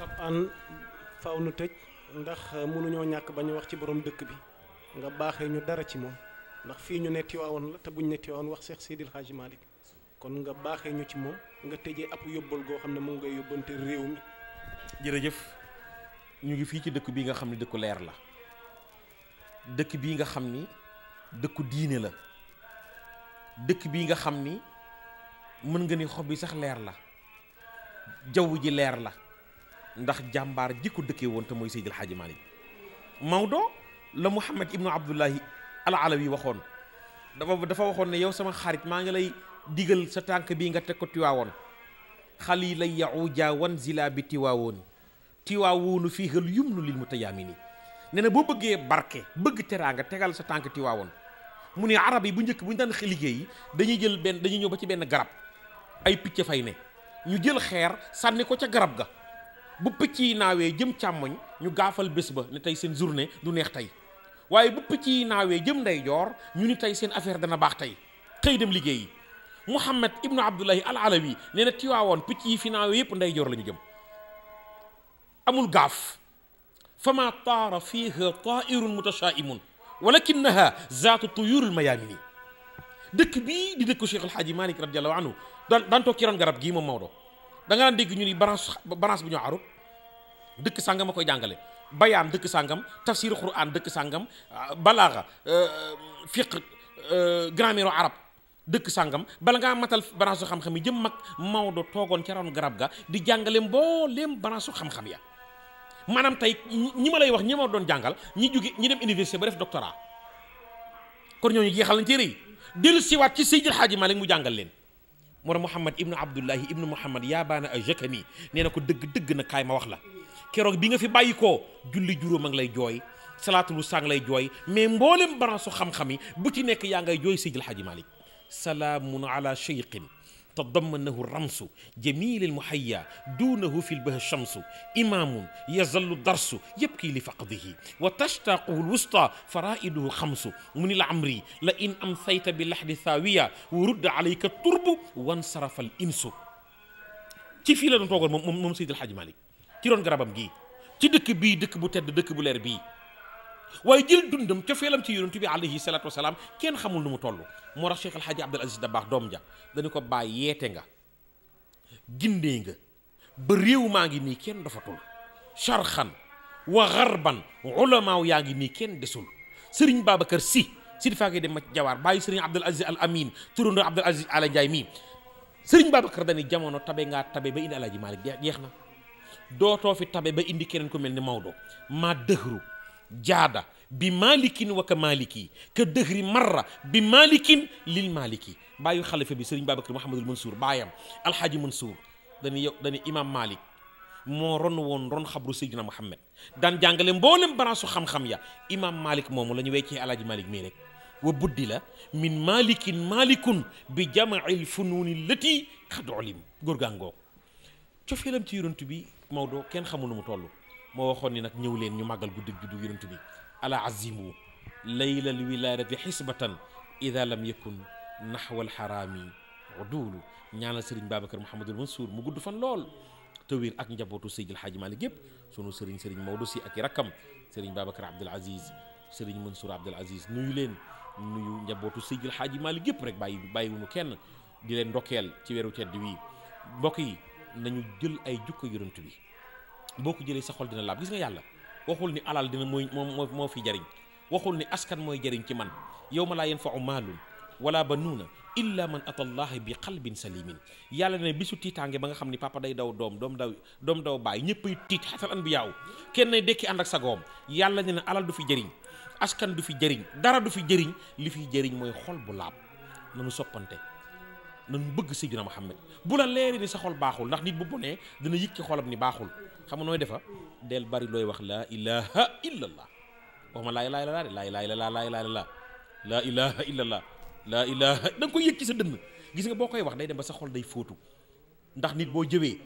Pape Hann faaw nu tëj ndax euh, mënuñoo ñàkk ba ñu wax ci borom dëkk bi nga baaxee ñu dara ci moom ndax fii ñu ne Tiwaawoon la te buñ ne Tiwaawoon wax Seex Seydil Hadji Malick kon nga baaxee ñu ci moom nga tëjee ab yóbbal goo xam ne mu ngay yóbbante réew jërëjëf ñu ngi fii ci dëkk bii nga xam ni dëkku leer la dëkk bii nga xam ni dëkku diine la dëkk bii nga xam ni mën nga ni xob yi sax leer la jaww ji leer la ndax jàmbaar ji ko dëkkee woon te mooy Seydil Hadji Malick Maodo la Mouhamed ibnu Abdullahi al alawi waxoon dafa dafa waxoon ne yow sama xarit maa ngi lay digal sa tànk bii nga teg ko tiwaawoon xali la yauja wan zila bi tiwaawoon tiwaawoonu fii hal yumnu lil mutayaamini ne na boo bëggee barke bëgg teraa nga tegal sa tànk tiwaawoon mu ne arab yi bu njëkk bu ñu daan liggéey dañuy jël benn dañuy ñëw ba ci benn garab ay picc fay ne ñu jël xeer sànni ko ca garab ga bu picc yi naawee jëm càmmoñ ñu gaafal bés ba ne tey seen journée du neex tey waaye bu picc yi naawee jëm ndeyjoor ñu ni tey seen affaire dana baax tey xëy dem liggéeyi Muhammad ibnu Abdullahi al Alawi nee na Tiwaawoon picc yi fi naawee yépp ndeyjoor la ñu jëm amul gaaf fama taara fiiha tairun mutashaimun walakinaha zaatu tuyurul mayaamini dëkk bii di dëkku Cheikh El Hadji Malick radiallahu anhu daan daan toog ci ron garab gii moom Maodo da daan dégg ñu ni branche branche bu ñu arut dëkk sàngam a koy jàngale bayaan dëkk sàngam tafsir quran dëkk sàngam euh, balaaxa euh, fiq euh, grammaire arab dëkk sàngam bala nga matal branche su xam-xam yi jëm mag Maodo toogoon ca ron garab ga di jàngale mbooleem branche su xam-xam ya maanaam tey ñi ma lay wax ñi ma doon jàngal ñi jóge ñi dem université ba def doctorat kon ñooñu jeexal nañ téere yi dellu siwaat ci Seydil Hadji Malick mu jàngal leen moo tax Mouhamed ibnu Abdullahi ibnu Mouhamed yaabaana a jëkkani nee na ko dëgg dëgg na kaay ma wax la keroog bi nga fi bàyyi koo julli juróom a ngi lay jooy salaatulu sang lay jooy mais mboolem branche su xam-xam yi bu ci nekk yaa ngay jooy si Seydil Hadji Malick salaamun ala cheyqin تضمنه الرمس جميل المحيا دونه في البه الشمس إمام يظل الدرس يبكي لفقده وتشتاقه الوسطى فرائده الخمس من العمر لئن أمسيت باللحد ثاوية ورد عليك الترب وانصرف الإنس ci fii la doon toogoon moom moom Seydi El Hadji Malick ci doon garabam gii ci dëkk bii dëkk bu tedd dëkk bu leer bii waaye jël dundam ca feelam ci yonent bi alayhi salaatu wasalaam kenn xamul nu mu toll moo tax Cheikh El Hadji Abdoul Aziz Dabakh doom ja dañu ko bàyyi yeete nga nga ba maa ngi nii kenn dafatul charxan wa garban ulamaaw yaa ngi nii kenn desul sëriñ Babacar Sy si difaa koy dem ma jawaar bàyyi sëriñ Abdoul Aziz Al Amin turandoo Abdoul Aziz Ala Ndiaye mii sëriñ Babacar dañi jamono tabe ngaa tabe ba indi Alaaji Maalik jeex na dootoo fi tabe ba indi keneen ko mel ni Maodo maa dëxru jaada bi malikin wa ka maliki ka dëhri marra bi malikin lil maliki bàyyu xalifa bi sëriñ Babacar Mouhamadul Mansour baayam alxaaji Mansour dañuy yow dañuy imam Malik moo ron woon ron xabru Seydina Muhammad daan jàngale mboolem baraasu xam-xam ya imam Malik moomu la ñu weccee alaaji Malik mii rek wa buddi la min malikin malikun bi jamail funuuni lati xad góor gaangoo cofeelam ci yonent bi Maodo kenn xamul nu mu toll moo waxoon ni nag ñëw leen ñu màggal guddi juddu yonent bi ala azimu laylal wilaadati xisbatan ida lam yakun naxwal xaraami uduulu ñaanal sëriñ Babacar Mouhamadul Mansour mu gudd fan lool te wér ak njabootu Seydil Xaaji Maalik yëpp sunu sëriñ sëriñ Maodo si ak i rakkam sëriñ Babacar Abdul Aziz sëriñ Mansour Abdul Aziz nuyu leen nuyu njabootu Seydil Xaaji Maalik yëpp rek bàyyi bàyyiwunu kenn di leen ndokkeel ci weeru tedd wi mbokk yi nañu jël ay jukko yonent bi boo ko jëlee sa xol dina laab gis nga yàlla waxul ni alal dina mooy moo moo fi jariñ waxul ni askan mooy jariñ ci man yow ma laa yanfa'u maalun wala banuuna illa man ata allah bi qalbin salimin yàlla ne bisu tiitaange ba nga xam ni papa day daw doom doom daw doom daw bàyyi ñëppay tiit xatal an bu yaaw kenn dekki ànd ak sagoom yàlla ne na alal du fi jariñ askan du fi jëriñ dara du fi jëriñ li fi jëriñ mooy xol bu laab nanu soppante nañu bëgg Seydina Muhammad bu la leeri ni sa xol baaxul ndax nit bu bonee dina yëkki xolam ni baaxul xam nga nooy defa del bari looy wax laa ilaha illa allah waxuma laa ilaha illa laa ilaha illa laa laa ilaha illa laa ilaha illa da nga koy yëkki sa dënn gis nga boo koy wax day dem ba sa xol day fóotu ndax nit boo jëwee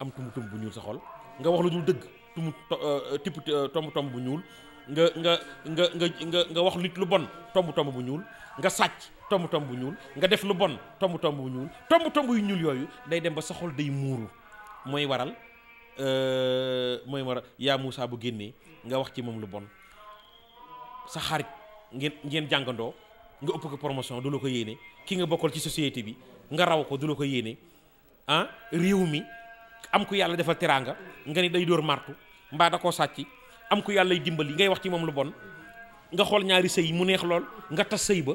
am tumu tum bu ñuul sa xol nga wax lu dul dëgg tumu euh, tipp euh, tomb tomb bu ñuul nga nga nga nga nga nga wax nit lu bon tomb tomb bu ñuul nga sàcc tomb tomb bu ñuul nga def lu bon tomb tomb bu ñuul tomb tomb yu ñuul yooyu day dem ba sa xol day muuru mooy waral euh, mooy waral yaa Moussa bu génnee nga wax ci moom lu bon sa xarit ngeen ngeen jàngandoo nga ëpp ko promotion du la ko yéene ki nga bokkal ci société bi nga raw ko du la ko yéene ah réew mi am ku yàlla defal teraanga nga ni day dóor martu mbaa da koo sàcc am ko yàllay dimbali ngay wax ci moom lu bon nga xool ñaari sëy mu neex lool nga tas sëy ba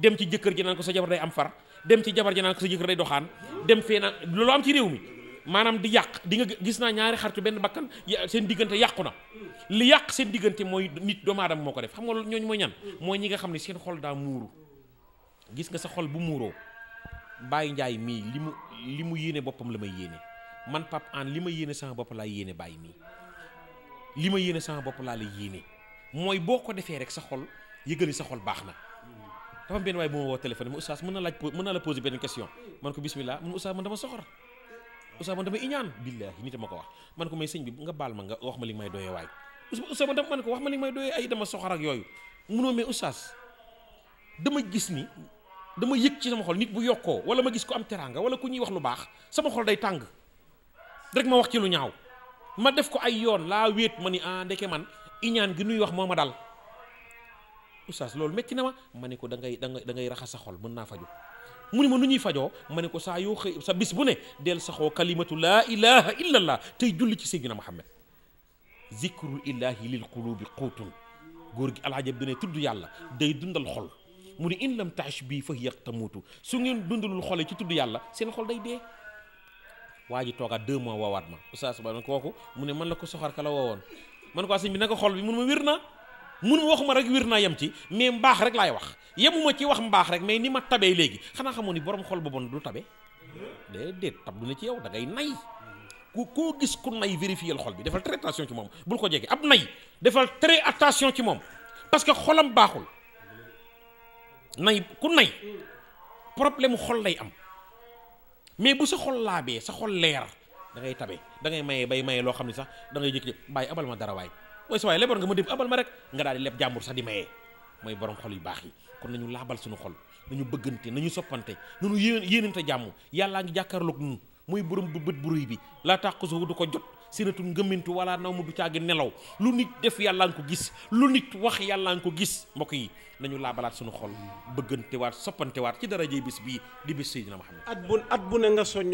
dem ci jëkkër ji naan ko sa jabar day am far dem ci jabar ji ko sa jëkkër day doxaan dem fee naan loolu am ci réew mi maanaam di yàq di nga gis naa ñaari xaritu benn bakkan seen diggante yàqu na li yàq seen diggante mooy nit doomu aadama moo ko def xam nga loolu ñooñu mooy ñan mooy ñi nga xam ne seen xol daa muuru gis nga sa xol bu muuroo bàyyi njaay mii li mu li mu yéene boppam la may yéene man pap an li ma yéene sama bopp laay yéene bàyyi mii li ma yéene sama bopp laa la yéene mooy boo ko defee rek sa xol yëgali sa xol baax na dafa benn waaye bu ma woo téléphone ma oustaz mën na laaj mën naa la poser benn question man ko bismillah man oustaz man dama soxor oustaz man dama iñaan billaahi nit ma ko wax man ko may sëñ bi nga baal ma nga wax ma li may doyee waay oustaz man dama man ko wax ma li may doyee ay dama soxor ak yooyu munoo mais oustaz dama gis ni dama yëg ci sama xol nit bu yokkoo wala ma gis ko am teraanga wala ku ñuy wax lu baax sama xol day tàng rek ma wax ci lu ñaaw ma def ko ay yoon laa wéet ma ni ah ndeke man iñaan gi nuy wax moo ma dal oustaz loolu métti na ma ma ne ko da ngay da ngay ngay raxas sa xol mën naa faju mu ni ma nu ñuy fajoo ma ne ko saa yoo xëy sa bis bu ne del saxoo kalimatu laa ilaha illa allah tey julli ci seydina muhammad zikrul ilahi lil qulubi quutun góor gi alhaji Abdu ne tudd yàlla day dundal xol mu ni in lam tash bii fa hiya tamuutu su ngeen dundalul xole ci tudd yàlla seen xol day dee waa ji toogaat deux mois woowaat ma oustaz ba koo kooku mu ne man la ko soxar ka la woowoon man ko sëñ bi naka xol bi mun ma wér naa mun ma waxuma rek wér naa yem ci mais mbaax rek laay wax yemuma ci wax mbaax rek mais ni ma tabee léegi xanaa xamoon ni borom xol boobu du tabe déedéet tab du na ci yow dangay ngay nay ku koo gis ku nay vérifier xol bi defal très attention ci moom bul ko jege ab nay defal très attention ci moom parce que xolam baaxul nay ku nay problème xol lay am mais bu sa xol laabee sa xol leer da ngay tabe da ngay maye bay maye loo xam ne sax dangay ngay jékki bàyyi abal ma dara waay mooy sa waay leboon nga ma dib abal ma rek nga daal di leb jàmbur sax di maye mooy borom xol yu baax yi kon nañu laabal suñu xol nañu bëggante nañu soppante nañu yéen yéenante jàmm yàllaa ngi jàkkaarloog ñun mooy borom bu bët bu rëy bi laa tax ko du ko jot siratu ngëmintu wala naw mu du caagi nelaw lu nit def yàlla nga ko gis lu nit wax yàlla nga ko gis mbokk yi nañu laabalaat suñu xol bëggantewaat soppantewaat ci darajey bis bii di bis Seydina Muhammad at bu at bu ne nga soññ